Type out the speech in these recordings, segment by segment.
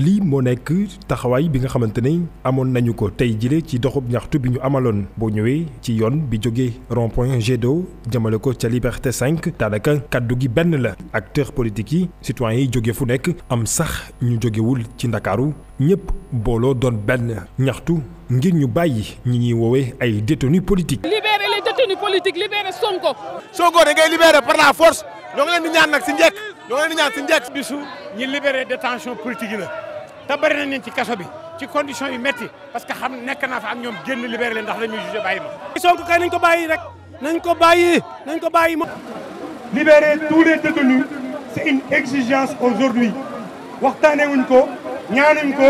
lii moo nekk taxawaay bi nga xamante ne amoon nañu ko tey jile ci doxub ñaxtu bi ñu amaloon boo ñëwee ci yoon bi jógee rond point Jet d'eau ko ca Liberté 5 daanaka kàddu gi benn la acteur politique yi citoyens yi jóge fu nekk am sax ñu jógewul ci ndakaaru ñëpp booloo doon benn ñaxtu ngir ñu bàyyi ñi ñuy woowee ay détenus politiques. libéré les détenus politiques libéré Sonko. Sonko da ngay libéré par la force ñoo ngi leen di ñaan nag si njëkk bisu ñi libéré détention te bari leen ci kaso bi ci condition yu métti parce que xam nekk naa ak ñoom génn libéré leen ndax dañuy jugé bàyyi ma. Sonko kay nañ ko bàyyi rek nañ ko bàyyi nañ ko bàyyi ma. libérer tous les détenus c'est une exigence aujourd'hui waxtaanee wuñ ko. ñaanuñ ko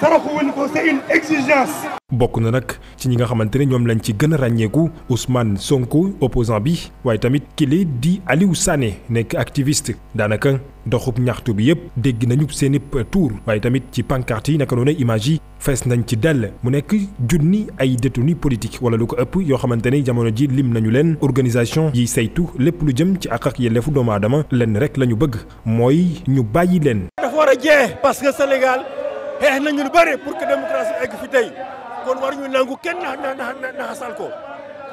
saraxuwuñ ko c'est une exigence. bokk na nag ci ñi nga xamante ne ñoom lañ ci gën a ràññeeku Ousmane Sonko opposant bi waaye tamit kile di Aliou Sané nekk activiste daanaka doxub ñaxtu bi yëpp dégg nañu seen i tour waaye tamit ci pancarte yi naka noonu image yi fees nañ ci dell mu nekk junni ay détenu politique wala lu ko ëpp yoo xamante ne jamono ji lim nañu leen organisation yi saytu lépp lu jëm ci àq ak yelleefu doomu aadama lenn rek la bëgg mooy ñu bàyyi leen war a jeex parce que Sénégal xeex nañu lu bëri pour que démocratie egg fi tey kon war ñu nangu kenn na na naxasal ko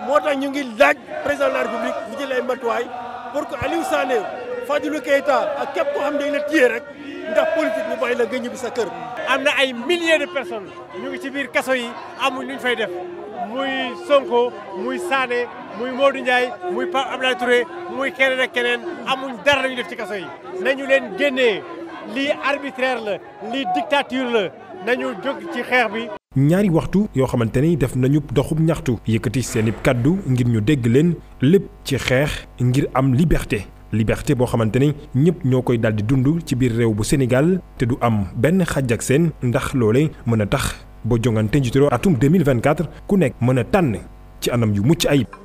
moo tax ñu ngi laaj président de la république mu jël ay matuwaay pour que Aliou Sané Fadilou Keita ak képp koo xam ne na la rek ndax politique ñu bàyyi la nga ñibbi sa kër. am na ay milliers de personnes ñu ngi ci biir kaso yi amuñ lu ñu fay def muy Sonko muy Sané muy Modou Ndiaye muy Pape Abdoulaye Touré muy keneen ak keneen amuñ dara la def ci kaso yi nañu leen génnee. lii arbitraire la lii dictature la nañu jóg ci xeex bi. ñaari waxtu yoo xamante ni def nañu doxub ñaxtu seen seeni kàddu ngir ñu dégg leen lépp ci xeex ngir am liberté liberté boo xamante ni ñëpp ñoo koy daal di dund ci biir réew bu Sénégal te du am benn xaj ak seen ndax loole mën a tax ba jongante njiitu réew atum 2024 ku nekk mën a tànn ci anam yu mucc ayib.